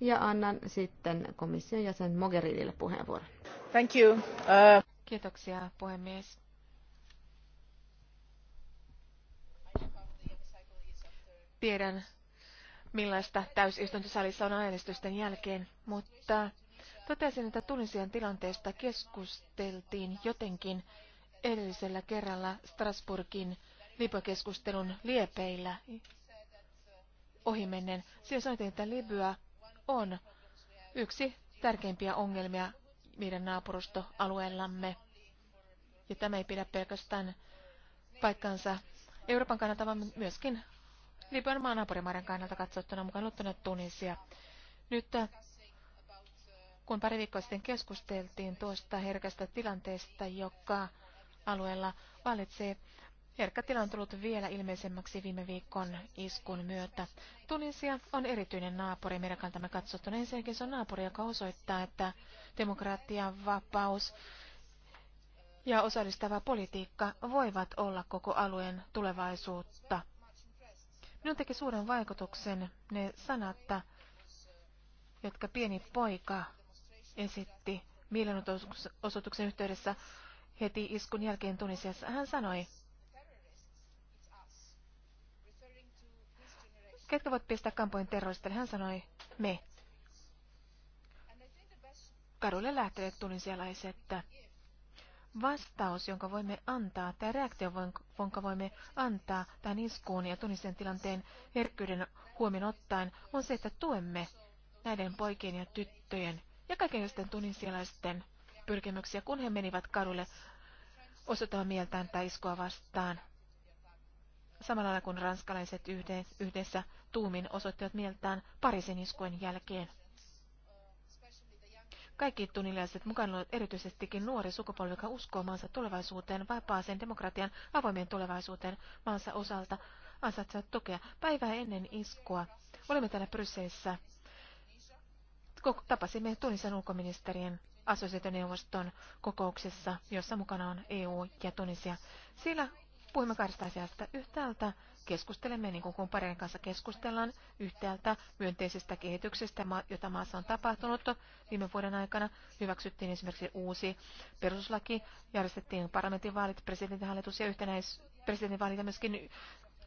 Ja annan sitten komission jäsen Mogherinille puheenvuoron. Thank you. Uh... Kiitoksia puhemies. Tiedän, millaista täysistuntosalissa on äänestysten jälkeen, mutta totesin, että Tunisian tilanteesta keskusteltiin jotenkin edellisellä kerralla Strasburgin Libya-keskustelun liepeillä ohimennen. Siinä sanottiin, että Libya on yksi tärkeimpiä ongelmia meidän naapurustoalueellamme. Ja tämä ei pidä pelkästään paikkansa Euroopan kannalta, vaan myöskin Libyan maan naapurimaiden kannalta katsottuna mukaan luottuna Tunisia. Nyt äh, kun pari viikkoa sitten keskusteltiin tuosta herkästä tilanteesta, joka alueella valitsee, Herkkä tila on tullut vielä ilmeisemmäksi viime viikon iskun myötä. Tunisia on erityinen naapuri meidän kantamme katsottuna. Ensinnäkin se on naapuri, joka osoittaa, että demokratia, vapaus ja osallistava politiikka voivat olla koko alueen tulevaisuutta. Minun teki suuren vaikutuksen ne sanat, jotka pieni poika esitti mielenosoituksen yhteydessä heti iskun jälkeen Tunisiassa. Hän sanoi, Ketkä voit pistää kampojen terroristille? Hän sanoi, me. Kadulle lähteneet tunisialaiset. Vastaus, jonka voimme antaa, tai reaktio, jonka voimme antaa tähän iskuun ja tunisen tilanteen herkkyyden huomioon ottaen, on se, että tuemme näiden poikien ja tyttöjen ja kaikenlaisten tunisialaisten pyrkimyksiä, kun he menivät kadulle osoittamaan mieltään tai iskua vastaan. Samalla kun ranskalaiset yhdessä tuumin osoittivat mieltään Pariisin iskujen jälkeen. Kaikki tunnilaiset mukaan olivat erityisestikin nuori sukupolvi, joka uskoo maansa tulevaisuuteen, vapaaseen demokratian, avoimien tulevaisuuteen maansa osalta, ansaitsevat tukea. Päivää ennen iskua olimme täällä Brysseissä. Tapasimme Tunisian ulkoministerien assosiaationeuvoston kokouksessa, jossa mukana on EU ja Tunisia. Siellä puhumme kahdesta asiasta. Yhtäältä keskustelemme, niin kuin kumppaneiden kanssa keskustellaan, yhtäältä myönteisestä kehityksestä, jota maassa on tapahtunut viime vuoden aikana. Hyväksyttiin esimerkiksi uusi perustuslaki, järjestettiin parlamentinvaalit, presidentinhallitus ja yhtenäis presidentinvaalit ja myöskin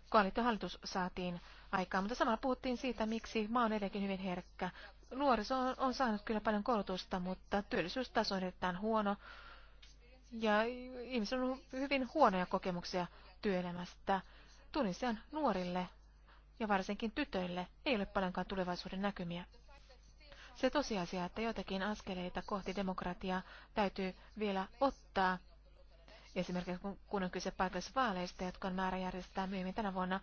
koalitiohallitus saatiin aikaan, mutta samalla puhuttiin siitä, miksi maa on edelleenkin hyvin herkkä. Nuoriso on, on saanut kyllä paljon koulutusta, mutta työllisyystaso on erittäin huono ja ihmisillä on hyvin huonoja kokemuksia työelämästä. Tunisian nuorille ja varsinkin tytöille ei ole paljonkaan tulevaisuuden näkymiä. Se tosiasia, että jotakin askeleita kohti demokratiaa täytyy vielä ottaa, esimerkiksi kun on kyse paikallisvaaleista, jotka on määrä järjestää myöhemmin tänä vuonna.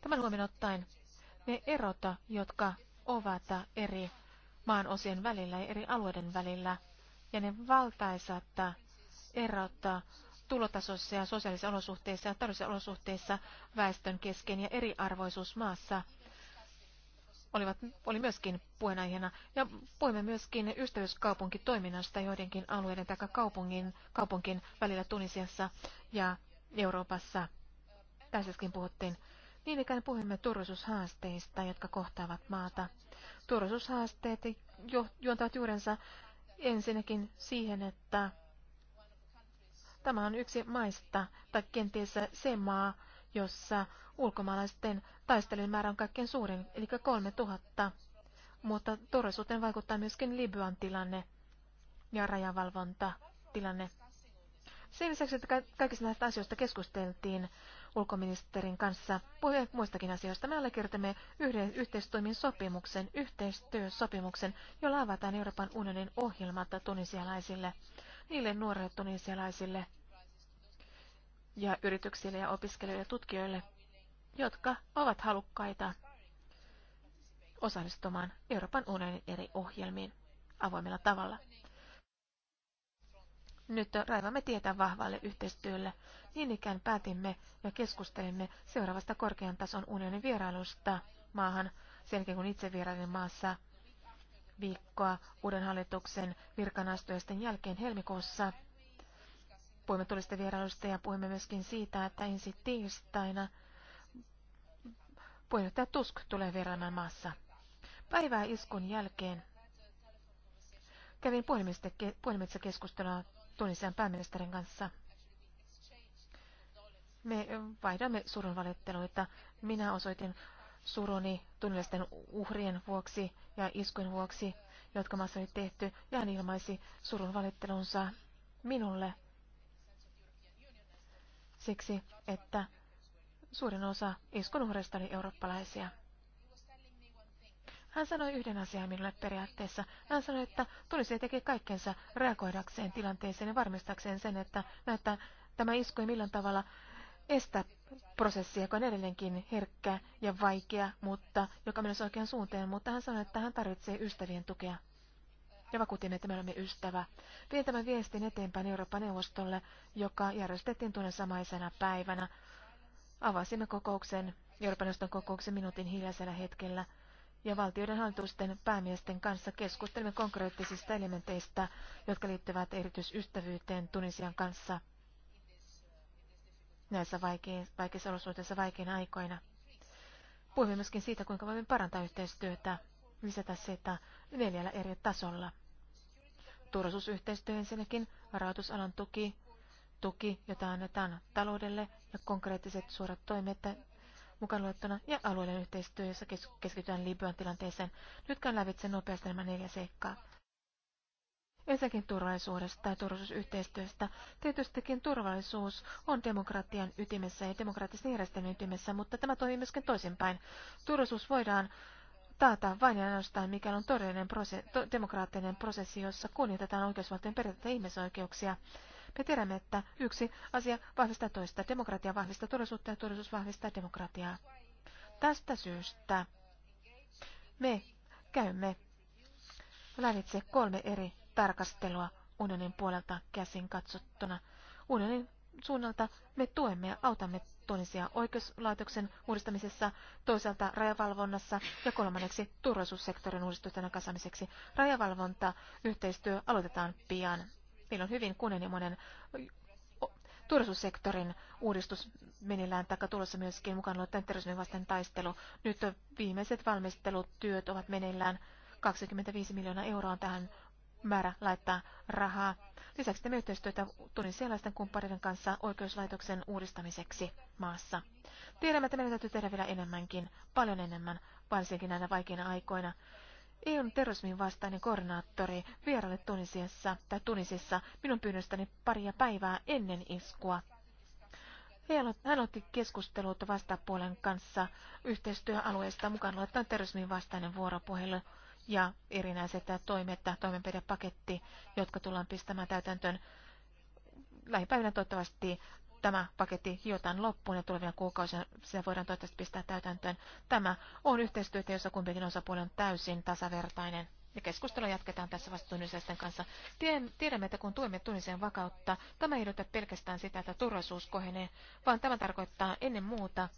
Tämän huomioon ottaen ne erot, jotka ovat eri maan osien välillä ja eri alueiden välillä, ja ne valtaisat erot tulotasossa ja sosiaalisissa olosuhteissa ja taloudellisissa olosuhteissa väestön kesken ja eriarvoisuus maassa olivat, oli myöskin puheenaiheena. Ja puhuimme myöskin ystävyyskaupunkitoiminnasta joidenkin alueiden tai kaupungin, kaupunkin välillä Tunisiassa ja Euroopassa. Tässäkin puhuttiin. Niin ikään puhumme turvallisuushaasteista, jotka kohtaavat maata. Turvallisuushaasteet juontavat juurensa Ensinnäkin siihen, että tämä on yksi maista tai kenties se maa, jossa ulkomaalaisten taistelujen määrä on kaikkein suurin, eli 3000. Mutta turvallisuuteen vaikuttaa myöskin Libyan tilanne ja rajavalvontatilanne. Sen lisäksi, että kaikista näistä asioista keskusteltiin, ulkoministerin kanssa muistakin asioista. Me allekirjoitamme yhden yhteistoimin sopimuksen, yhteistyösopimuksen, jolla avataan Euroopan unionin ohjelmat tunisialaisille, niille nuorille tunisialaisille ja yrityksille ja opiskelijoille ja tutkijoille, jotka ovat halukkaita osallistumaan Euroopan unionin eri ohjelmiin avoimella tavalla. Nyt raivamme tietä vahvalle yhteistyölle niin ikään päätimme ja keskustelimme seuraavasta korkean tason unionin vierailusta maahan sen jälkeen, kun itse vierailin maassa viikkoa uuden hallituksen virkanaistuisten jälkeen helmikuussa. Puhumme tulista vierailusta ja puhumme myöskin siitä, että ensi tiistaina puheenjohtaja Tusk tulee vierailemaan maassa. Päivää iskun jälkeen kävin puhelimitse keskustelua Tunisian pääministerin kanssa. Me vaihdamme surun valitteluita. Minä osoitin suruni tunnellisten uhrien vuoksi ja iskujen vuoksi, jotka maassa oli tehty, ja hän ilmaisi surun valittelunsa minulle. Siksi, että suurin osa iskun uhreista oli eurooppalaisia. Hän sanoi yhden asian minulle periaatteessa. Hän sanoi, että tulisi tekee kaikkensa reagoidakseen tilanteeseen ja varmistakseen sen, että, että tämä isku ei millään tavalla estä prosessia, joka on edelleenkin herkkä ja vaikea, mutta joka menee oikean suuntaan, mutta hän sanoi, että hän tarvitsee ystävien tukea. Ja vakuutin, että me olemme ystävä. Vien tämän viestin eteenpäin Euroopan neuvostolle, joka järjestettiin tuonne samaisena päivänä. Avasimme kokouksen, Euroopan neuvoston kokouksen minuutin hiljaisella hetkellä, ja valtioiden hallitusten päämiesten kanssa keskustelimme konkreettisista elementeistä, jotka liittyvät erityisystävyyteen Tunisian kanssa – näissä vaikeissa olosuhteissa vaikeina aikoina. Puhumme myöskin siitä, kuinka voimme parantaa yhteistyötä, lisätä sitä neljällä eri tasolla. Turvallisuusyhteistyö ensinnäkin, rahoitusalan tuki, tuki, jota annetaan taloudelle ja konkreettiset suorat toimet mukaan luettuna ja alueellinen yhteistyö, jossa keskitytään Libyan tilanteeseen. Nyt käyn lävitse nopeasti nämä neljä seikkaa. Ensinnäkin turvallisuudesta ja turvallisuusyhteistyöstä. Tietystikin turvallisuus on demokratian ytimessä ja demokraattisen järjestelmän ytimessä, mutta tämä toimii myöskin toisinpäin. Turvallisuus voidaan taata vain ja ainoastaan, mikä on todellinen prose- to- demokraattinen prosessi, jossa kunnioitetaan oikeusvaltion periaatteita ja ihmisoikeuksia. Me tiedämme, että yksi asia vahvistaa toista. Demokratia vahvistaa turvallisuutta ja turvallisuus vahvistaa demokratiaa. Tästä syystä me käymme lävitse kolme eri tarkastelua unionin puolelta käsin katsottuna. Unionin suunnalta me tuemme ja autamme Tunisia oikeuslaitoksen uudistamisessa, toisaalta rajavalvonnassa ja kolmanneksi turvallisuussektorin uudistusten kasamiseksi. Rajavalvonta yhteistyö aloitetaan pian. Meillä on hyvin kunnianhimoinen turvallisuussektorin uudistus menillään taikka tulossa myöskin mukaan luottaen terrorismin vasten taistelu. Nyt viimeiset valmistelutyöt ovat meneillään. 25 miljoonaa euroa on tähän määrä laittaa rahaa. Lisäksi teemme yhteistyötä tunisialaisten kumppaneiden kanssa oikeuslaitoksen uudistamiseksi maassa. Tiedämme, että meidän täytyy tehdä vielä enemmänkin, paljon enemmän, varsinkin näinä vaikeina aikoina. EUn terrorismin vastainen koordinaattori vieraille Tunisiassa tai Tunisissa minun pyynnöstäni paria päivää ennen iskua. Hän otti keskustelut vastapuolen kanssa yhteistyöalueesta mukaan luettaen terrorismin vastainen vuoropuhelu ja erinäiset toimet ja toimenpidepaketti, jotka tullaan pistämään täytäntöön lähipäivinä toivottavasti tämä paketti hiotaan loppuun ja tulevina kuukausina se voidaan toivottavasti pistää täytäntöön. Tämä on yhteistyötä, jossa kumpikin osapuoli on täysin tasavertainen. Ja keskustelua jatketaan tässä vasta tunnisaisten kanssa. Tiedämme, että kun tuemme tunnisen vakautta, tämä ei edellytä pelkästään sitä, että turvallisuus kohenee, vaan tämä tarkoittaa ennen muuta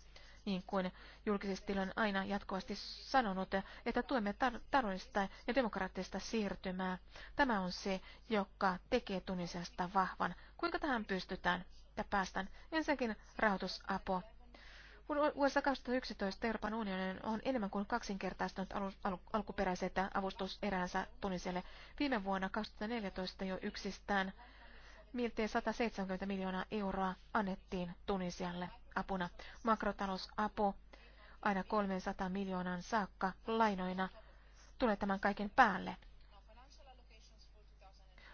niin kuin julkisesti on aina jatkuvasti sanonut, että tuemme taloudellista ja demokraattista siirtymää. Tämä on se, joka tekee Tunisiasta vahvan. Kuinka tähän pystytään ja päästään? Ensinnäkin rahoitusapu. Vuodessa 2011 Euroopan unionin on enemmän kuin kaksinkertaistunut alu, alu, alkuperäiset avustuseränsä Tuniselle. Viime vuonna 2014 jo yksistään miltei 170 miljoonaa euroa annettiin Tunisialle apuna. Makrotalousapu aina 300 miljoonan saakka lainoina tulee tämän kaiken päälle.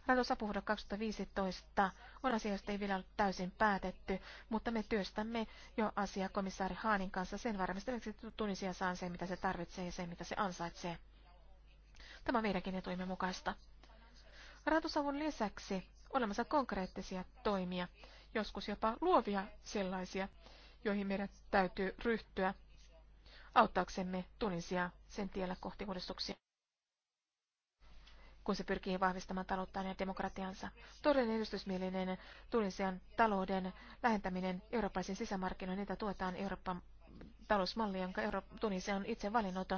Rahoitusapu 2015 on asia, josta ei vielä ole täysin päätetty, mutta me työstämme jo asia komissaari Haanin kanssa sen varmistamiseksi, että Tunisia saa sen, mitä se tarvitsee ja sen, mitä se ansaitsee. Tämä on meidänkin etuimme mukaista. Rahoitusavun lisäksi olemassa konkreettisia toimia, joskus jopa luovia sellaisia, joihin meidän täytyy ryhtyä auttaaksemme Tunisia sen tiellä kohti uudistuksia kun se pyrkii vahvistamaan talouttaan ja demokratiansa. Todellinen edistysmielinen Tunisian talouden lähentäminen eurooppalaisen sisämarkkinoihin, niitä tuetaan Euroopan talousmalli, jonka Euro- Tunisia on itse valinnut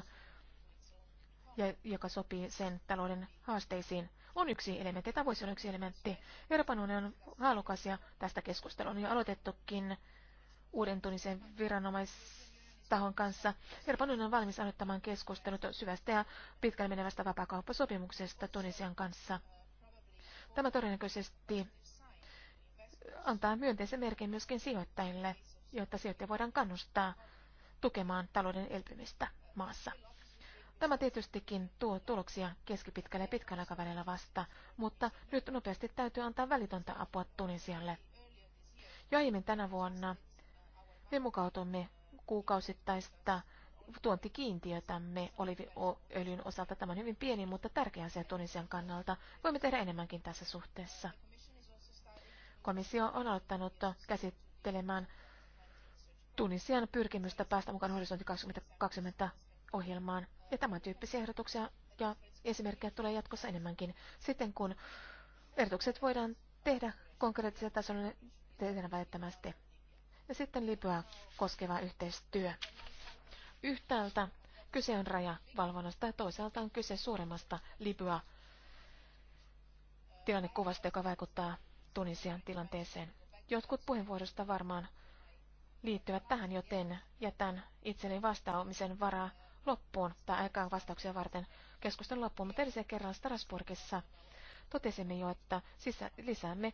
ja joka sopii sen talouden haasteisiin, on yksi elementti. Tämä voisi olla yksi elementti. Euroopan unioni on halukas ja tästä keskustelua on jo aloitettukin tunnisen viranomaistahon kanssa. Euroopan unioni on valmis aloittamaan keskustelut syvästä ja pitkälle menevästä vapaakauppasopimuksesta Tunisian kanssa. Tämä todennäköisesti antaa myönteisen merkin myöskin sijoittajille, jotta sijoittajia voidaan kannustaa tukemaan talouden elpymistä maassa. Tämä tietystikin tuo tuloksia keskipitkällä ja pitkällä aikavälillä vasta, mutta nyt nopeasti täytyy antaa välitöntä apua Tunisialle. Jo aiemmin tänä vuonna me mukautumme kuukausittaista tuontikiintiötämme oliviöljyn osalta. Tämä on hyvin pieni, mutta tärkeä asia Tunisian kannalta. Voimme tehdä enemmänkin tässä suhteessa. Komissio on aloittanut käsittelemään Tunisian pyrkimystä päästä mukaan horisontti 2020 ohjelmaan. Ja tämän tyyppisiä ehdotuksia ja esimerkkejä tulee jatkossa enemmänkin. Sitten kun ehdotukset voidaan tehdä konkreettisella tasolla, tehdään välittömästi. Ja sitten Libyaa koskeva yhteistyö. Yhtäältä kyse on rajavalvonnasta ja toisaalta on kyse suuremmasta Libyaa tilannekuvasta, joka vaikuttaa Tunisian tilanteeseen. Jotkut puheenvuorosta varmaan liittyvät tähän, joten jätän itselleni vastaamisen varaa loppuun tai aikaan vastauksia varten keskustelun loppuun, mutta edellisen kerran Strasbourgissa totesimme jo, että sisä, lisäämme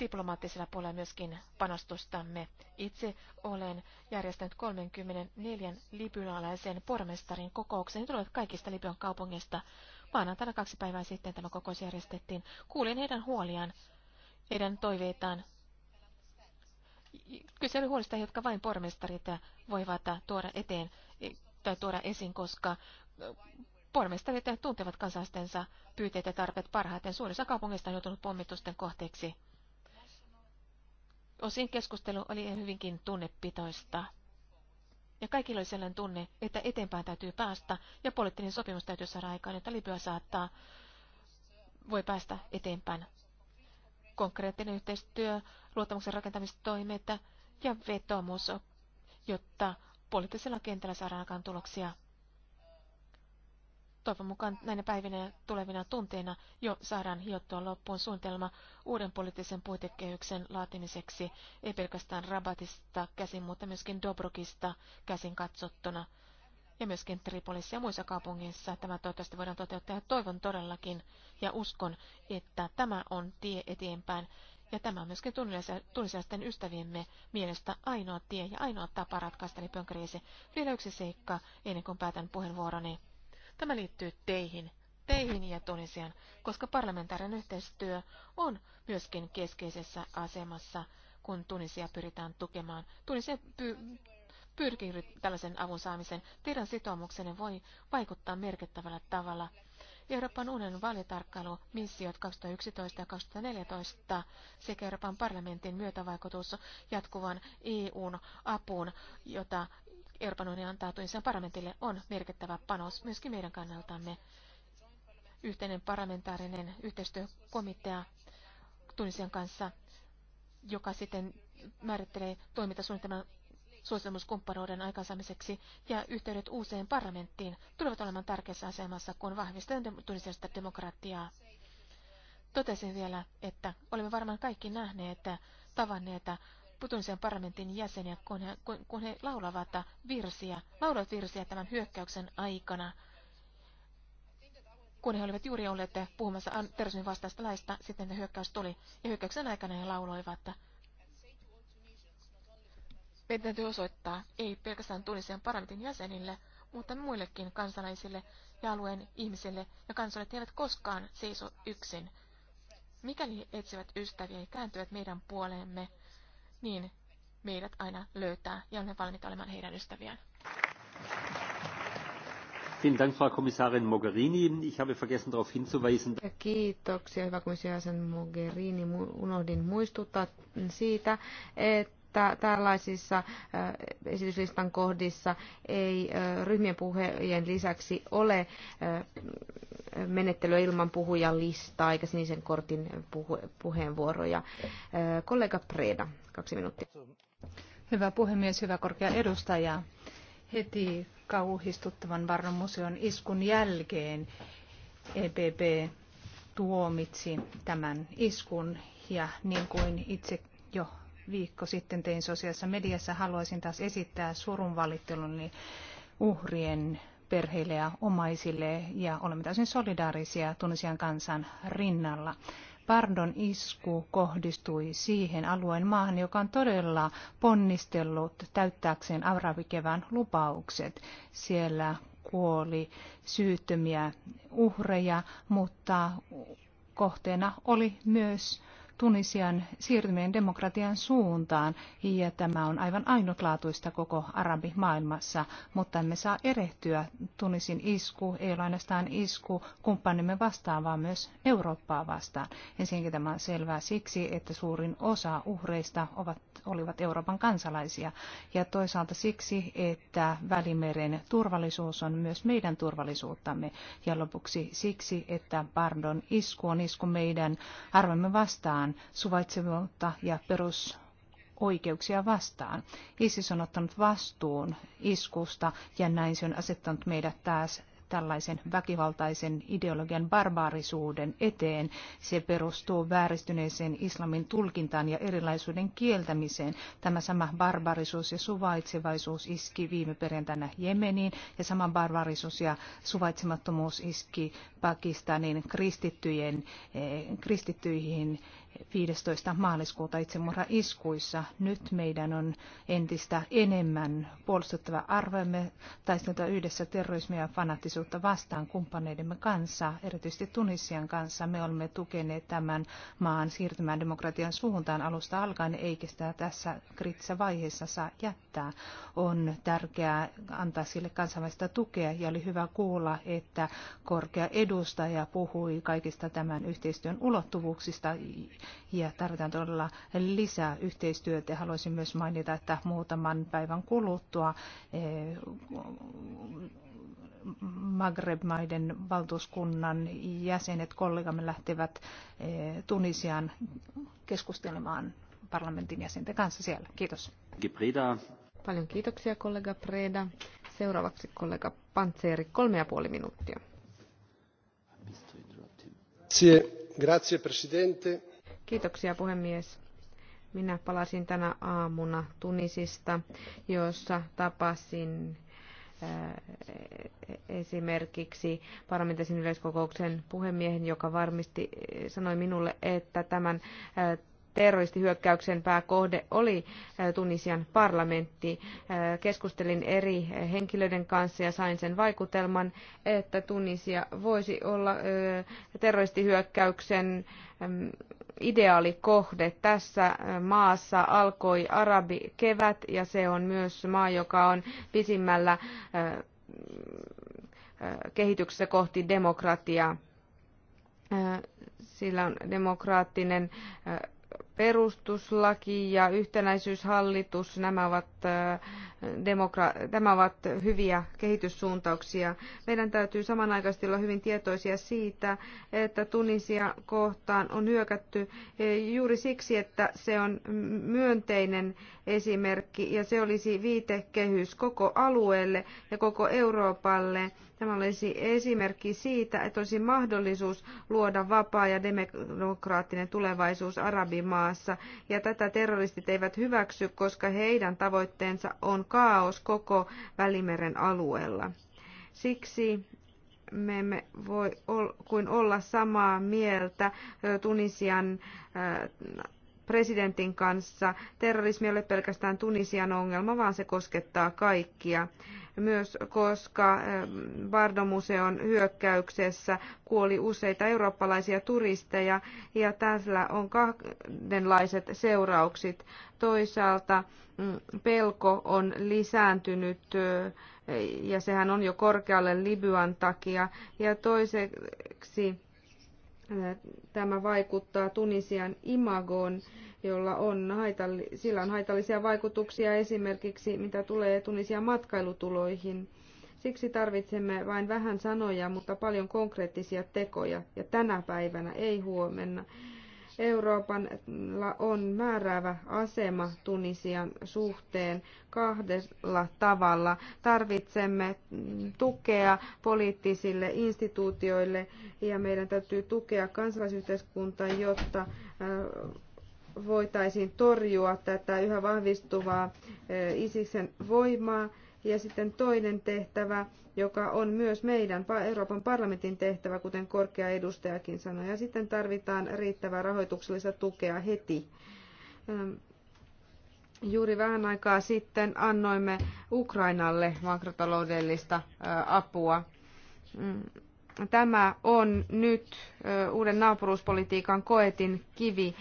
diplomaattisella puolella myöskin panostustamme. Itse olen järjestänyt 34 libyalaisen pormestarin kokouksen. He tulevat kaikista Libyan kaupungista. Maanantaina kaksi päivää sitten tämä kokous järjestettiin. Kuulin heidän huoliaan, heidän toiveitaan. Kyse oli huolista, jotka vain pormestarit voivat tuoda eteen tai tuoda esiin, koska pormestarit tuntevat kansalaistensa pyyteet ja tarpeet parhaiten. Suurissa kaupungeissa on joutunut pommitusten kohteeksi. Osin keskustelu oli hyvinkin tunnepitoista. Ja kaikilla oli sellainen tunne, että eteenpäin täytyy päästä ja poliittinen sopimus täytyy saada aikaan, että Libya saattaa, voi päästä eteenpäin. Konkreettinen yhteistyö, luottamuksen rakentamistoimet ja vetomus, jotta poliittisella kentällä saadaan aikaan tuloksia. Toivon mukaan näinä päivinä ja tulevina tunteina jo saadaan hiottua loppuun suunnitelma uuden poliittisen puitekehyksen laatimiseksi, ei pelkästään Rabatista käsin, mutta myöskin Dobrokista käsin katsottuna ja myöskin Tripolissa ja muissa kaupungeissa tämä toivottavasti voidaan toteuttaa. Ja toivon todellakin ja uskon, että tämä on tie eteenpäin. Ja tämä on myöskin tunnisäisten ystäviemme mielestä ainoa tie ja ainoa tapa ratkaista lipön kriisi. Vielä yksi seikka ennen kuin päätän puheenvuoroni. Tämä liittyy teihin, teihin ja Tunisian, koska parlamentaarinen yhteistyö on myöskin keskeisessä asemassa, kun Tunisia pyritään tukemaan. Tunisia py- pyrkii tällaisen avun saamisen. Teidän sitoumuksenne voi vaikuttaa merkittävällä tavalla. Euroopan unionin missiot 2011 ja 2014 sekä Euroopan parlamentin myötävaikutus jatkuvan EUn apuun, jota Euroopan antautuisen parlamentille on merkittävä panos myöskin meidän kannaltamme. Yhteinen parlamentaarinen yhteistyökomitea Tunisian kanssa, joka sitten määrittelee toimintasuunnitelman suosimuskumppanuuden aikaansaamiseksi ja yhteydet uuseen parlamenttiin tulevat olemaan tärkeässä asemassa, kun vahvistetaan tunisiasta demokratiaa. Totesin vielä, että olemme varmaan kaikki nähneet, tavanneet Putunsian parlamentin jäseniä, kun he, kun, kun he laulavat virsiä, laulavat virsiä tämän hyökkäyksen aikana. Kun he olivat juuri olleet puhumassa terrorismin vastaista laista, sitten ne hyökkäys tuli. Ja hyökkäyksen aikana he lauloivat. Meidän täytyy osoittaa, ei pelkästään Tunisian parlamentin jäsenille, mutta muillekin kansalaisille ja alueen ihmisille ja kansalaiset eivät koskaan seiso yksin. Mikäli etsivät ystäviä ja kääntyvät meidän puoleemme, niin meidät aina löytää ja olemme valmiita olemaan heidän ystäviään. Vielen Dank, Frau Kommissarin Mogherini. Ich habe vergessen darauf hinzuweisen. Kiitoksia, hyvä komissiaisen Mogherini. Unohdin muistuttaa siitä, että että tällaisissa äh, esityslistan kohdissa ei äh, ryhmien puheen lisäksi ole äh, menettelyä ilman puhujan listaa eikä sinisen kortin puheenvuoroja. Kollega Preda, kaksi minuuttia. Hyvä puhemies, hyvä korkea edustaja. Heti kauhistuttavan Varnon iskun jälkeen EPP tuomitsi tämän iskun ja niin kuin itse jo viikko sitten tein sosiaalisessa mediassa, haluaisin taas esittää surun uhrien perheille ja omaisille ja olemme täysin solidaarisia Tunisian kansan rinnalla. Pardon isku kohdistui siihen alueen maahan, joka on todella ponnistellut täyttääkseen aravikevään lupaukset. Siellä kuoli syyttömiä uhreja, mutta kohteena oli myös Tunisian siirtyminen demokratian suuntaan ja tämä on aivan ainutlaatuista koko arabimaailmassa, mutta emme saa erehtyä. Tunisin isku ei ole ainoastaan isku kumppanimme vastaan, vaan myös Eurooppaa vastaan. Ensinnäkin tämä on selvää siksi, että suurin osa uhreista ovat, olivat Euroopan kansalaisia ja toisaalta siksi, että Välimeren turvallisuus on myös meidän turvallisuuttamme ja lopuksi siksi, että Bardon isku on isku meidän arvomme vastaan vastaan, suvaitsevuutta ja perus oikeuksia vastaan. ISIS on ottanut vastuun iskusta ja näin se on asettanut meidät taas tällaisen väkivaltaisen ideologian barbaarisuuden eteen. Se perustuu vääristyneeseen islamin tulkintaan ja erilaisuuden kieltämiseen. Tämä sama barbaarisuus ja suvaitsevaisuus iski viime perjantaina Jemeniin ja sama barbaarisuus ja suvaitsemattomuus iski Pakistanin kristittyjen, eh, kristittyihin 15. maaliskuuta itsemurha iskuissa. Nyt meidän on entistä enemmän puolustettava arvoimme taistelta yhdessä terrorismia ja fanattisuutta vastaan kumppaneidemme kanssa, erityisesti Tunisian kanssa. Me olemme tukeneet tämän maan siirtymään demokratian suuntaan alusta alkaen, eikä sitä tässä kriittisessä vaiheessa saa jättää. On tärkeää antaa sille kansainvälistä tukea ja oli hyvä kuulla, että korkea edustaja puhui kaikista tämän yhteistyön ulottuvuuksista, ja tarvitaan todella lisää yhteistyötä. Haluaisin myös mainita, että muutaman päivän kuluttua eh, Maghreb-maiden valtuuskunnan jäsenet, kollegamme lähtevät eh, Tunisiaan keskustelemaan parlamentin jäsenten kanssa siellä. Kiitos. Paljon kiitoksia kollega Preda. Seuraavaksi kollega Pantseeri, kolme ja puoli minuuttia. Grazie, grazie presidente. Kiitoksia puhemies. Minä palasin tänä aamuna Tunisista, jossa tapasin äh, esimerkiksi parlamentin yleiskokouksen puhemiehen, joka varmasti sanoi minulle, että tämän äh, terroristihyökkäyksen pääkohde oli Tunisian parlamentti. Keskustelin eri henkilöiden kanssa ja sain sen vaikutelman, että Tunisia voisi olla terroristihyökkäyksen ideaalikohde. Tässä maassa alkoi arabikevät ja se on myös maa, joka on pisimmällä kehityksessä kohti demokratiaa. Sillä on demokraattinen perustuslaki ja yhtenäisyyshallitus, nämä ovat, äh, demokra- nämä ovat hyviä kehityssuuntauksia. Meidän täytyy samanaikaisesti olla hyvin tietoisia siitä, että Tunisia kohtaan on hyökätty e, juuri siksi, että se on myönteinen esimerkki ja se olisi viitekehys koko alueelle ja koko Euroopalle Tämä olisi esimerkki siitä, että olisi mahdollisuus luoda vapaa ja demokraattinen tulevaisuus Arabimaassa. Ja tätä terroristit eivät hyväksy, koska heidän tavoitteensa on kaos koko Välimeren alueella. Siksi me emme voi kuin olla samaa mieltä Tunisian presidentin kanssa. Terrorismi ei ole pelkästään Tunisian ongelma, vaan se koskettaa kaikkia myös koska ähm, Bardo-museon hyökkäyksessä kuoli useita eurooppalaisia turisteja ja tällä on kahdenlaiset seuraukset. Toisaalta mm, pelko on lisääntynyt ja sehän on jo korkealle Libyan takia ja toiseksi tämä vaikuttaa Tunisian imagoon, jolla on haitalli, sillä on haitallisia vaikutuksia esimerkiksi mitä tulee Tunisian matkailutuloihin. Siksi tarvitsemme vain vähän sanoja, mutta paljon konkreettisia tekoja, ja tänä päivänä, ei huomenna. Euroopan on määräävä asema Tunisian suhteen kahdella tavalla. Tarvitsemme tukea poliittisille instituutioille ja meidän täytyy tukea kansalaisyhteiskuntaa, jotta voitaisiin torjua tätä yhä vahvistuvaa Isiksen voimaa ja sitten toinen tehtävä, joka on myös meidän Euroopan parlamentin tehtävä, kuten korkea edustajakin sanoi. Ja sitten tarvitaan riittävää rahoituksellista tukea heti. Juuri vähän aikaa sitten annoimme Ukrainalle makrotaloudellista apua. Mm, tämä on nyt uuden naapuruuspolitiikan koetin kivi.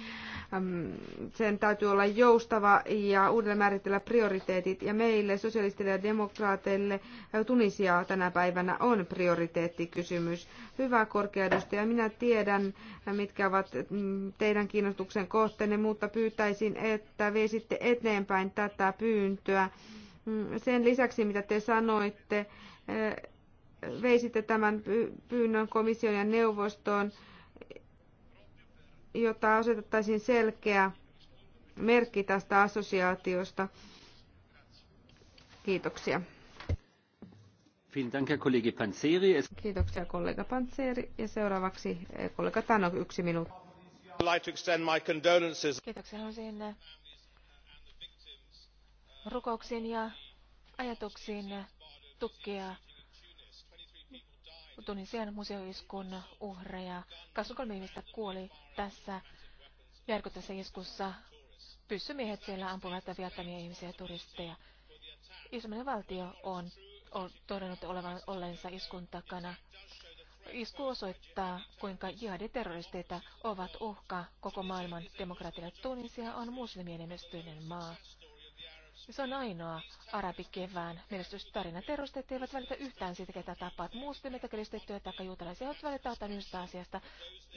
Sen täytyy olla joustava ja uudelleen määritellä prioriteetit. Ja meille, sosialistille ja demokraateille, Tunisia tänä päivänä on prioriteettikysymys. Hyvä korkea edustaja, minä tiedän, mitkä ovat mm, teidän kiinnostuksen kohteenne, mutta pyytäisin, että veisitte eteenpäin tätä pyyntöä. Mm, sen lisäksi, mitä te sanoitte, veisitte tämän pyynnön komission ja neuvostoon jota asetettaisiin selkeä merkki tästä assosiaatiosta. Kiitoksia. Kiitoksia kollega Panzeri ja seuraavaksi eh, kollega Tano yksi minuutti. Kiitoksia haluaisin eh, rukouksiin ja ajatuksiin eh, tukea Tunisian museoiskun uhreja. 23 ihmistä kuoli tässä järkyttävässä iskussa. Pyssymiehet siellä ampuvat ja viettämiä ihmisiä turisteja. Islamin valtio on, on todennut olevan olleensa iskun takana. Isku osoittaa, kuinka jihaditerroristeita ovat uhka koko maailman demokratialle. Tunisia on muslimien maa. Se on ainoa arabikevään menestystarina. Terroristit eivät välitä yhtään siitä, ketä tapaat muslimit, kristittyjä tai juutalaisia. He eivät välitä yhdestä asiasta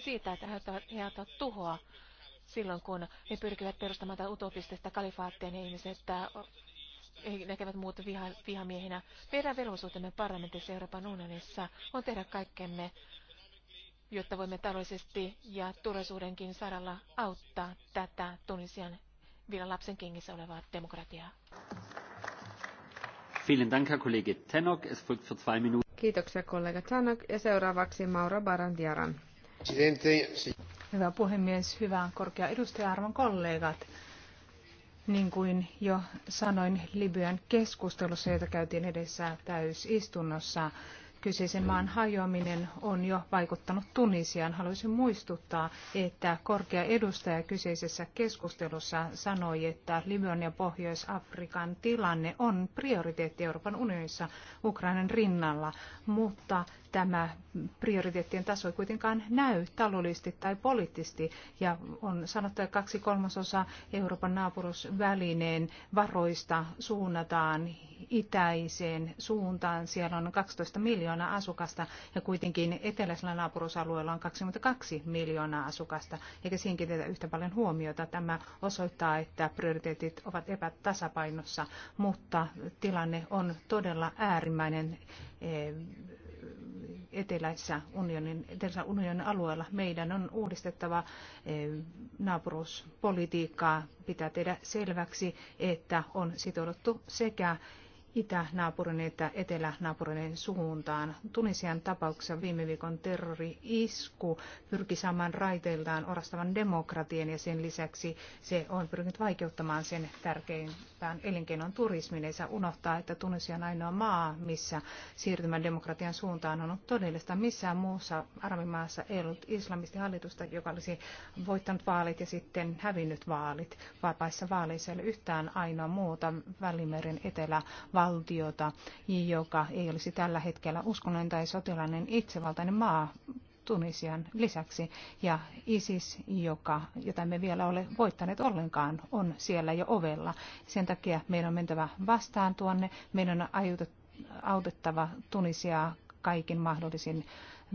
siitä, että he ottavat, tuhoa silloin, kun he pyrkivät perustamaan tätä utopistista kalifaattia, niin ihmiset he näkevät muut viha, vihamiehinä. Meidän velvollisuutemme parlamentissa Euroopan unionissa on tehdä kaikkemme, jotta voimme taloudellisesti ja turvallisuudenkin saralla auttaa tätä Tunisian vielä lapsen kengissä olevaa demokratiaa. Kiitoksia kollega Tanok ja seuraavaksi Mauro Barandiaran. Hyvä puhemies, hyvää korkea edustaja arvon kollegat. Niin kuin jo sanoin Libyan keskustelussa, jota käytiin edessä täysistunnossa, kyseisen maan hajoaminen on jo vaikuttanut Tunisiaan. Haluaisin muistuttaa, että korkea edustaja kyseisessä keskustelussa sanoi, että Libyan ja Pohjois-Afrikan tilanne on prioriteetti Euroopan unionissa Ukrainan rinnalla, mutta tämä prioriteettien taso ei kuitenkaan näy taloudellisesti tai poliittisesti. Ja on sanottu, että kaksi kolmasosa Euroopan naapurusvälineen varoista suunnataan itäiseen suuntaan. Siellä on 12 miljoonaa asukasta ja kuitenkin eteläisellä naapurusalueella on 22 miljoonaa asukasta, eikä siihen tätä yhtä paljon huomiota. Tämä osoittaa, että prioriteetit ovat epätasapainossa, mutta tilanne on todella äärimmäinen eh, eteläisessä unionin, eteläisessä unionin alueella. Meidän on uudistettava eh, naapuruuspolitiikkaa. Pitää tehdä selväksi, että on sitouduttu sekä itänaapurin että etelänaapurin suuntaan. Tunisian tapauksessa viime viikon terrori-isku pyrki saamaan raiteiltaan orastavan demokratian ja sen lisäksi se on pyrkinyt vaikeuttamaan sen tärkein pelkästään elinkeinon turismin. Ei saa unohtaa, että Tunisia on ainoa maa, missä siirtymän demokratian suuntaan on ollut todellista. Missään muussa arabimaassa ei ollut islamistihallitusta, joka olisi voittanut vaalit ja sitten hävinnyt vaalit. Vapaissa vaaleissa ei ole yhtään ainoa muuta Välimeren etelävaltiota, joka ei olisi tällä hetkellä uskonnollinen tai sotilainen itsevaltainen maa Tunisian lisäksi. Ja ISIS, joka, jota me vielä ole voittaneet ollenkaan, on siellä jo ovella. Sen takia meidän on mentävä vastaan tuonne. Meidän on autettava Tunisiaa kaikin mahdollisin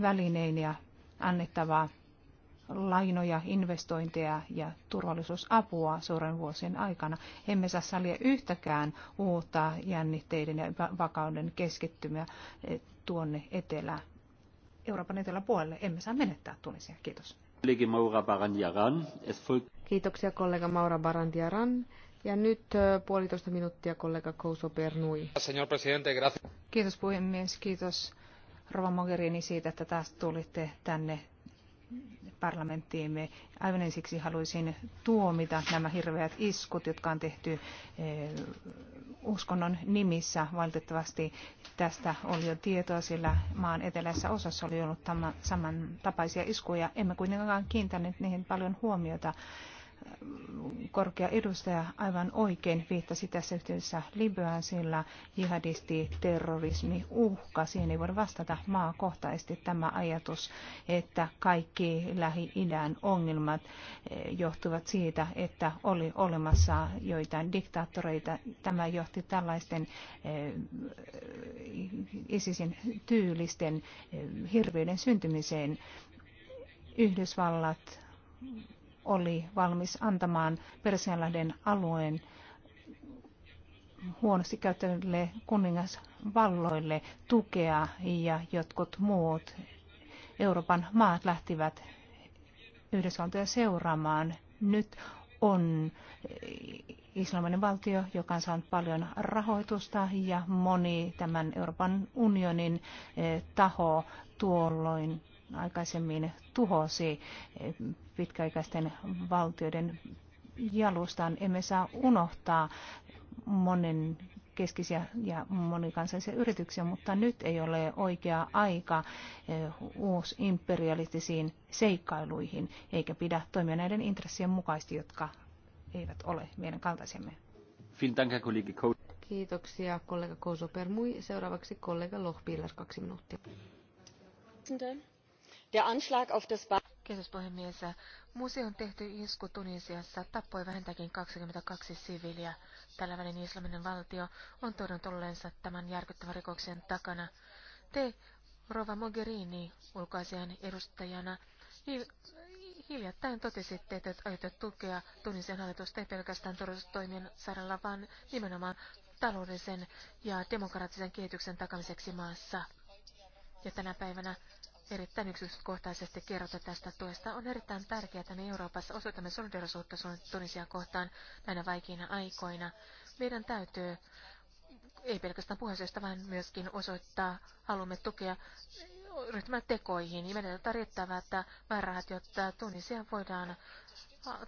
välinein ja annettava lainoja, investointeja ja turvallisuusapua suuren vuosien aikana. Emme saa salia yhtäkään uutta jännitteiden ja vakauden keskittymiä eh, tuonne etelä Euroopan eteläpuolelle. Emme saa menettää Tunisia. Kiitos. Kiitoksia kollega Maura Barandiaran. Ja nyt puolitoista minuuttia kollega Kouso Pernui. Kiitos puhemies, kiitos Rova Mogherini siitä, että taas tulitte tänne parlamenttiimme. Aivan ensiksi haluaisin tuomita nämä hirveät iskut, jotka on tehty eh, uskonnon nimissä. Valitettavasti tästä oli jo tietoa, sillä maan eteläisessä osassa oli ollut tämän, samantapaisia iskuja. Emme kuitenkaan kiintäneet niihin paljon huomiota korkea edustaja aivan oikein viittasi tässä yhteydessä Libyaan, sillä jihadisti terrorismi uhka, siihen ei voida vastata maakohtaisesti tämä ajatus, että kaikki Lähi-idän ongelmat eh, johtuvat siitä, että oli olemassa joitain diktaattoreita. Tämä johti tällaisten eh, ISISin tyylisten eh, hirveyden syntymiseen. Yhdysvallat oli valmis antamaan Persianlahden alueen huonosti käyttäneille kuningasvalloille tukea ja jotkut muut Euroopan maat lähtivät Yhdysvaltoja seuraamaan. Nyt on islamilainen valtio, joka on saanut paljon rahoitusta ja moni tämän Euroopan unionin eh, taho tuolloin aikaisemmin tuhosi pitkäaikaisten valtioiden jalustaan Emme saa unohtaa monen keskisiä ja monikansallisia yrityksiä, mutta nyt ei ole oikea aika eh, uusimperialistisiin seikkailuihin, eikä pidä toimia näiden intressien mukaisesti, jotka eivät ole meidän kaltaisemme. Kiitoksia kollega Kouso Permui. Seuraavaksi kollega Lohpiilas kaksi minuuttia. Der Anschlag auf das Kiitos puhemies. Museon tehty isku Tunisiassa tappoi vähintäänkin 22 siviiliä. Tällä välin islaminen valtio on todennut olleensa tämän järkyttävän rikoksen takana. Te, Rova Mogherini, ulkoasian edustajana, hiljattain totesitte, että aiotte tukea Tunisian hallitusta ei pelkästään turvallisuustoimien saralla, vaan nimenomaan taloudellisen ja demokraattisen kehityksen takamiseksi maassa. Ja tänä päivänä erittäin yksityiskohtaisesti kerrota tästä tuesta. On erittäin tärkeää, että me Euroopassa osoitamme solidarisuutta tunisia kohtaan näinä vaikeina aikoina. Meidän täytyy ei pelkästään puheenjohtajasta, vaan myöskin osoittaa haluamme tukea ryhtymään tekoihin. Ja meidän on että määrärahat, jotta Tunisia voidaan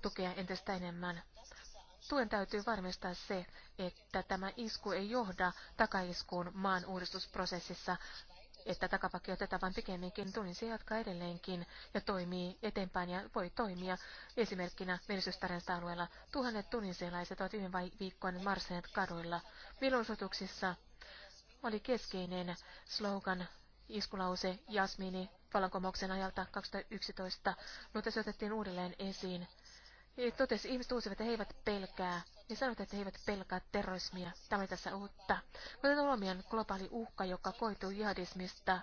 tukea entistä enemmän. Tuen täytyy varmistaa se, että tämä isku ei johda takaiskuun maan uudistusprosessissa että takapakki otetaan, pikemminkin Tunisia jatkaa edelleenkin ja toimii eteenpäin ja voi toimia. Esimerkkinä menestystarinasta alueella tuhannet tunisialaiset ovat yhden viikkoon marssineet kaduilla. Mielenosoituksissa oli keskeinen slogan iskulause Jasmini vallankumouksen ajalta 2011, mutta se otettiin uudelleen esiin. Totesi, ihmiset uusivat, että he eivät pelkää ja sanovat, että he eivät pelkää terrorismia. Tämä tässä uutta. Kuten huomioon globaali uhka, joka koituu jihadismista,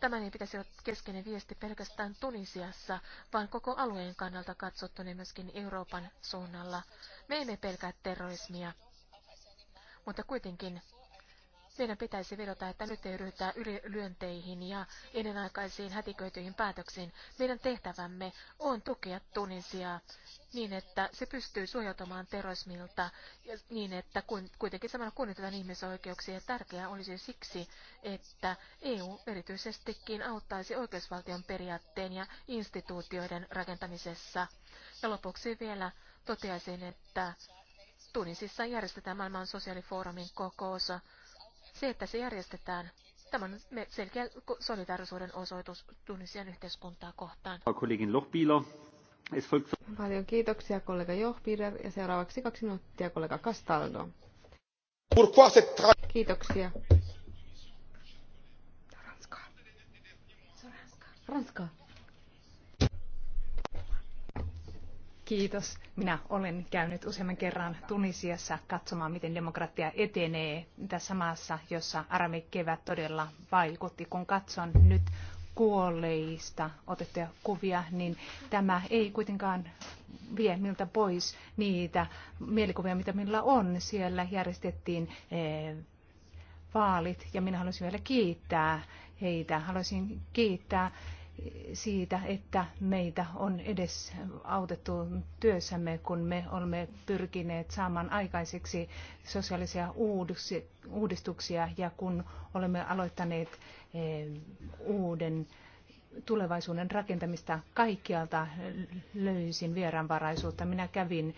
tämä ei pitäisi olla keskeinen viesti pelkästään Tunisiassa, vaan koko alueen kannalta katsottuna myöskin Euroopan suunnalla. Me emme pelkää terrorismia, mutta kuitenkin meidän pitäisi vedota, että nyt ei ryhdytä ylilyönteihin ja ennenaikaisiin hätiköityihin päätöksiin. Meidän tehtävämme on tukea Tunisia niin, että se pystyy suojautumaan terrorismilta ja niin, että kuitenkin samalla kunnioitetaan ihmisoikeuksia. Tärkeää olisi siksi, että EU erityisestikin auttaisi oikeusvaltion periaatteen ja instituutioiden rakentamisessa. Ja lopuksi vielä toteaisin, että Tunisissa järjestetään maailman sosiaalifoorumin kokous se, että se järjestetään, tämä on selkeä solidarisuuden osoitus Tunisian yhteiskuntaa kohtaan. Kollegin Paljon kiitoksia kollega Johpider ja seuraavaksi kaksi minuuttia kollega Castaldo. Kiitoksia. Ranskaa. Ranskaa. Kiitos. Minä olen käynyt useamman kerran Tunisiassa katsomaan, miten demokratia etenee tässä maassa, jossa aramikevät todella vaikutti. Kun katson nyt kuolleista otettuja kuvia, niin tämä ei kuitenkaan vie miltä pois niitä mielikuvia, mitä meillä on. Siellä järjestettiin eh, vaalit ja minä haluaisin vielä kiittää heitä. Haluaisin kiittää siitä, että meitä on edes autettu työssämme, kun me olemme pyrkineet saamaan aikaiseksi sosiaalisia uudistuksia ja kun olemme aloittaneet eh, uuden tulevaisuuden rakentamista kaikkialta löysin vieraanvaraisuutta. Minä kävin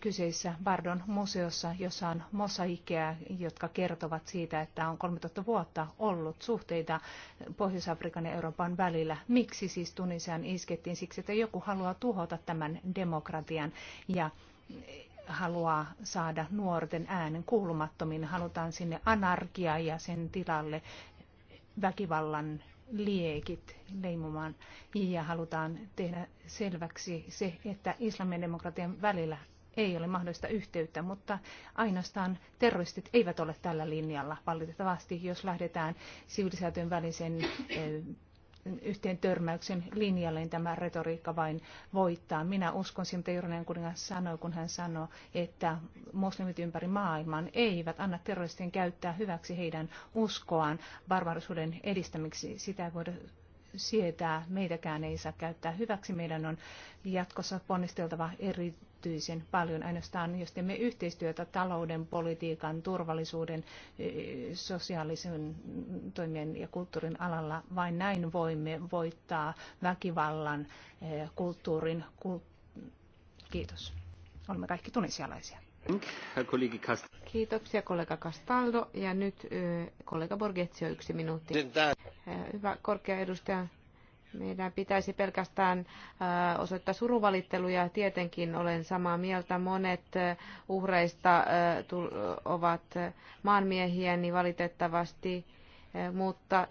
kyseessä Bardon museossa, jossa on mosaikkeja, jotka kertovat siitä, että on 3000 vuotta ollut suhteita Pohjois-Afrikan ja Euroopan välillä. Miksi siis Tunisian iskettiin? Siksi, että joku haluaa tuhota tämän demokratian ja haluaa saada nuorten äänen kuulumattomin. Halutaan sinne anarkia ja sen tilalle väkivallan liekit leimumaan ja halutaan tehdä selväksi se, että islamin demokratian välillä ei ole mahdollista yhteyttä, mutta ainoastaan terroristit eivät ole tällä linjalla valitettavasti, jos lähdetään sivilisaation välisen eh, yhteen törmäyksen linjalle, niin tämä retoriikka vain voittaa. Minä uskon siihen, mitä Jurnian kuningas sanoi, kun hän sanoi, että muslimit ympäri maailman eivät anna terroristien käyttää hyväksi heidän uskoaan barbarisuuden edistämiseksi. Sitä ei voida sietää. Meitäkään ei saa käyttää hyväksi. Meidän on jatkossa ponnisteltava erityisen paljon ainoastaan, jos teemme yhteistyötä talouden, politiikan, turvallisuuden, e, sosiaalisen toimien ja kulttuurin alalla. Vain näin voimme voittaa väkivallan, e, kulttuurin. Kiitos. Olemme kaikki tunisialaisia. Kiitoksia kollega Castaldo ja nyt kollega Borgetsio yksi minuutti. Hyvä korkea edustaja, meidän pitäisi pelkästään osoittaa suruvalitteluja. Tietenkin olen samaa mieltä. Monet uhreista ovat maanmiehiä, niin valitettavasti mutta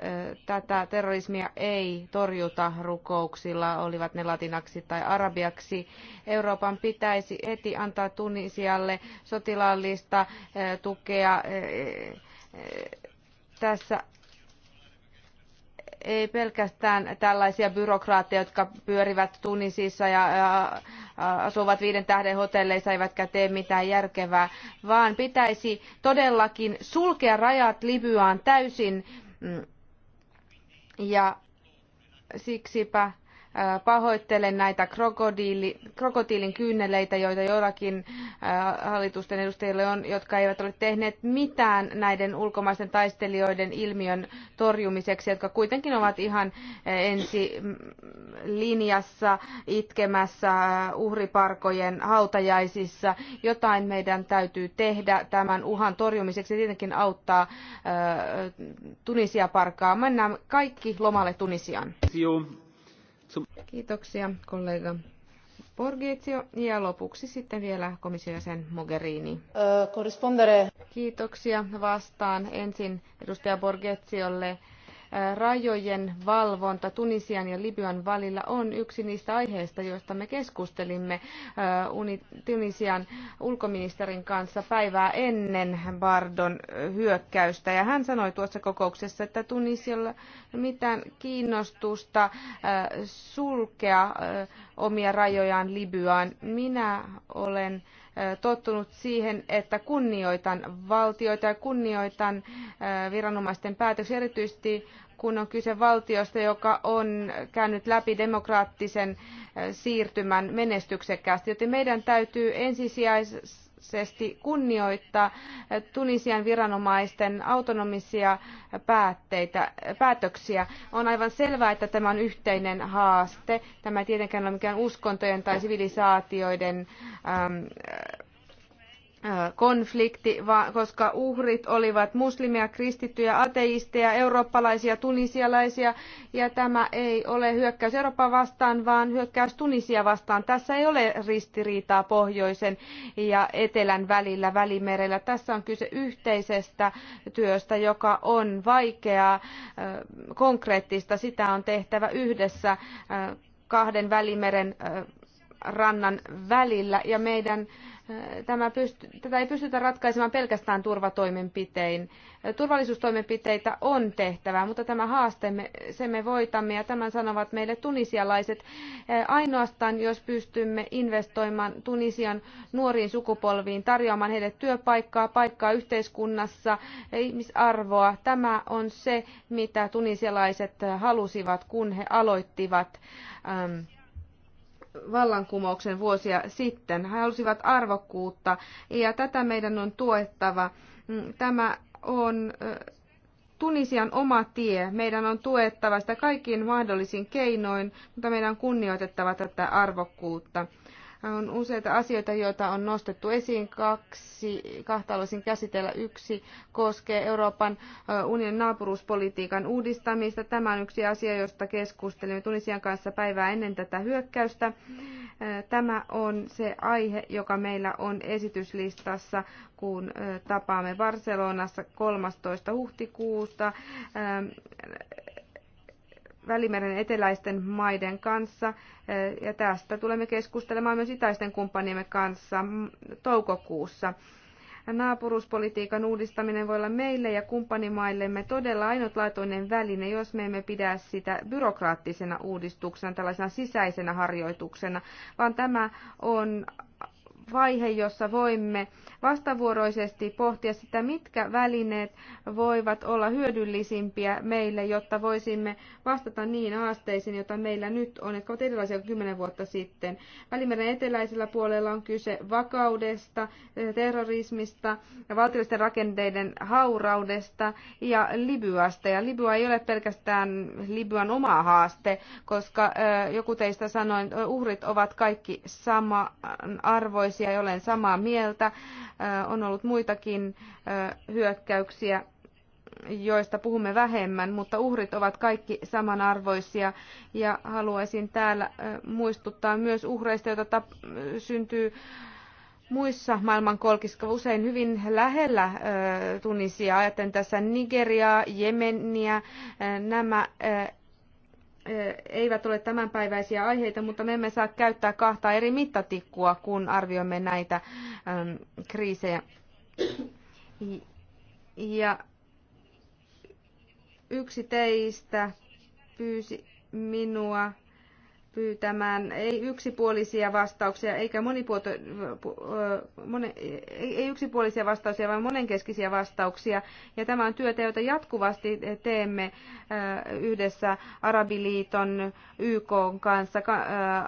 tätä terrorismia ei torjuta rukouksilla, olivat ne latinaksi tai arabiaksi. Euroopan pitäisi heti antaa Tunisialle sotilaallista tukea tässä ei pelkästään tällaisia byrokraatteja, jotka pyörivät Tunisissa ja asuvat viiden tähden hotelleissa eivätkä tee mitään järkevää, vaan pitäisi todellakin sulkea rajat Libyaan täysin mm. ja siksipä Pahoittelen näitä krokodiili, krokotiilin kyyneleitä, joita joillakin hallitusten edustajille on, jotka eivät ole tehneet mitään näiden ulkomaisten taistelijoiden ilmiön torjumiseksi, jotka kuitenkin ovat ihan ensi mm, linjassa itkemässä uhriparkojen hautajaisissa. Jotain meidän täytyy tehdä tämän uhan torjumiseksi ja tietenkin auttaa Tunisia parkaamaan nämä kaikki lomalle Tunisiaan. Kiitoksia kollega Borgizio ja lopuksi sitten vielä komissiojäsen Mogherini. Kiitoksia vastaan ensin edustaja Borgeziolle Rajojen valvonta Tunisian ja Libyan välillä on yksi niistä aiheista, joista me keskustelimme äh, Tunisian ulkoministerin kanssa päivää ennen Bardon hyökkäystä. Ja hän sanoi tuossa kokouksessa, että Tunisialla mitään kiinnostusta äh, sulkea äh, omia rajojaan Libyaan. Minä olen tottunut siihen, että kunnioitan valtioita ja kunnioitan viranomaisten päätöksiä, erityisesti kun on kyse valtiosta, joka on käynyt läpi demokraattisen siirtymän menestyksekkäästi. Joten meidän täytyy ensisijaisesti mukaisesti kunnioittaa Tunisian viranomaisten autonomisia päätteitä, päätöksiä. On aivan selvää, että tämä on yhteinen haaste. Tämä ei tietenkään ole mikään uskontojen tai sivilisaatioiden ähm, Äh, konflikti, koska uhrit olivat muslimia, kristittyjä, ateisteja, eurooppalaisia, tunisialaisia ja tämä ei ole hyökkäys Eurooppaa vastaan, vaan hyökkäys Tunisia vastaan. Tässä ei ole ristiriitaa pohjoisen ja etelän välillä välimerellä. Tässä on kyse yhteisestä työstä, joka on vaikeaa, äh, konkreettista. Sitä on tehtävä yhdessä äh, kahden välimeren rannan välillä ja meidän eh, Tämä pysty, tätä ei pystytä ratkaisemaan pelkästään turvatoimenpitein. Eh, turvallisuustoimenpiteitä on tehtävä, mutta tämä haasteemme, se me voitamme ja tämän sanovat meille tunisialaiset. Eh, ainoastaan jos pystymme investoimaan Tunisian nuoriin sukupolviin, tarjoamaan heille työpaikkaa, paikkaa yhteiskunnassa, ihmisarvoa. Tämä on se, mitä tunisialaiset halusivat, kun he aloittivat ähm, vallankumouksen vuosia sitten. He halusivat arvokkuutta ja tätä meidän on tuettava. Mm, tämä on Tunisian oma tie. Meidän on tuettava sitä kaikkiin mahdollisin keinoin, mutta meidän on kunnioitettava tätä arvokkuutta. On useita asioita, joita on nostettu esiin. Kaksi, kahta haluaisin käsitellä. Yksi koskee Euroopan unionin naapuruuspolitiikan uudistamista. Tämä on yksi asia, josta keskustelimme Tunisian kanssa päivää ennen tätä hyökkäystä. Tämä on se aihe, joka meillä on esityslistassa, kun tapaamme Barcelonassa 13. huhtikuuta Välimeren eteläisten maiden kanssa eh, ja tästä tulemme keskustelemaan myös itäisten kumppaniemme kanssa toukokuussa. Naapuruuspolitiikan uudistaminen voi olla meille ja kumppanimaillemme todella ainutlaatuinen väline, jos me emme pidä sitä byrokraattisena uudistuksena, tällaisena sisäisenä harjoituksena, vaan tämä on vaihe, jossa voimme vastavuoroisesti pohtia sitä, mitkä välineet voivat olla hyödyllisimpiä meille, jotta voisimme vastata niin haasteisiin, joita meillä nyt on, jotka ovat erilaisia kuin kymmenen vuotta sitten. Välimeren eteläisellä puolella on kyse vakaudesta, terrorismista, valtiollisten rakenteiden hauraudesta ja Libyasta. Ja Libya ei ole pelkästään Libyan oma haaste, koska joku teistä sanoi, uhrit ovat kaikki sama arvoisia hyökkäyksiä ja olen samaa mieltä. Äh, on ollut muitakin äh, hyökkäyksiä joista puhumme vähemmän, mutta uhrit ovat kaikki samanarvoisia. Ja haluaisin täällä äh, muistuttaa myös uhreista, joita syntyy muissa maailmankolkissa, usein hyvin lähellä Tunisia. Ajattelen tässä Nigeriaa, Jemeniä. Nämä eivät ole tämänpäiväisiä aiheita, mutta me emme saa käyttää kahta eri mittatikkua, kun arvioimme näitä kriisejä. Ja yksi teistä pyysi minua pyytämään ei yksipuolisia vastauksia eikä monipuoto, moni, ei yksipuolisia vastauksia, vaan monenkeskisiä vastauksia. Ja tämä on työtä, jota jatkuvasti teemme yhdessä Arabiliiton, YK kanssa,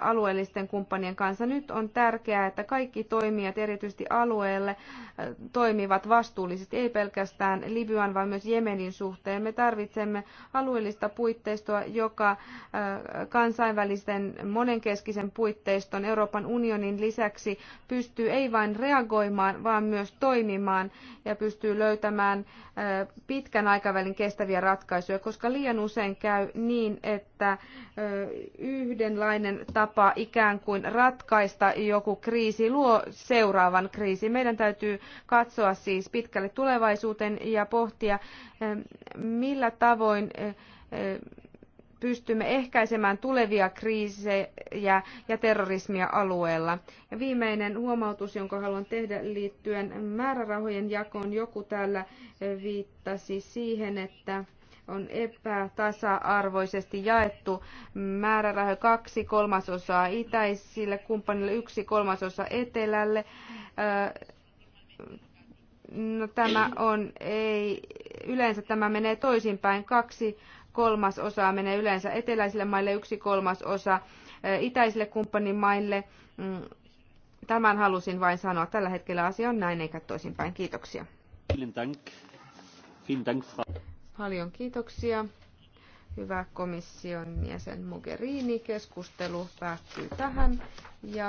alueellisten kumppanien kanssa. Nyt on tärkeää, että kaikki toimijat, erityisesti alueelle, toimivat vastuullisesti, ei pelkästään Libyan, vaan myös Jemenin suhteen. Me tarvitsemme alueellista puitteistoa, joka kansainvälisten uuden monenkeskisen puitteiston Euroopan unionin lisäksi pystyy ei vain reagoimaan, vaan myös toimimaan ja pystyy löytämään pitkän aikavälin kestäviä ratkaisuja, koska liian usein käy niin, että yhdenlainen tapa ikään kuin ratkaista joku kriisi luo seuraavan kriisin. Meidän täytyy katsoa siis pitkälle tulevaisuuteen ja pohtia, millä tavoin pystymme ehkäisemään tulevia kriisejä ja terrorismia alueella. Ja viimeinen huomautus, jonka haluan tehdä liittyen määrärahojen jakoon. Joku täällä viittasi siihen, että on epätasa-arvoisesti jaettu määrärahoja kaksi kolmasosaa itäisille kumppanille, yksi kolmasosa etelälle. No, tämä on, ei, yleensä tämä menee toisinpäin. Kaksi kolmas osa menee yleensä eteläisille maille, yksi kolmas osa eh, itäisille kumppanimaille. Mm, tämän halusin vain sanoa. Tällä hetkellä asia on näin eikä toisinpäin. Kiitoksia. Paljon kiitoksia. Hyvä komission jäsen Mogherini. Keskustelu päättyy tähän. Ja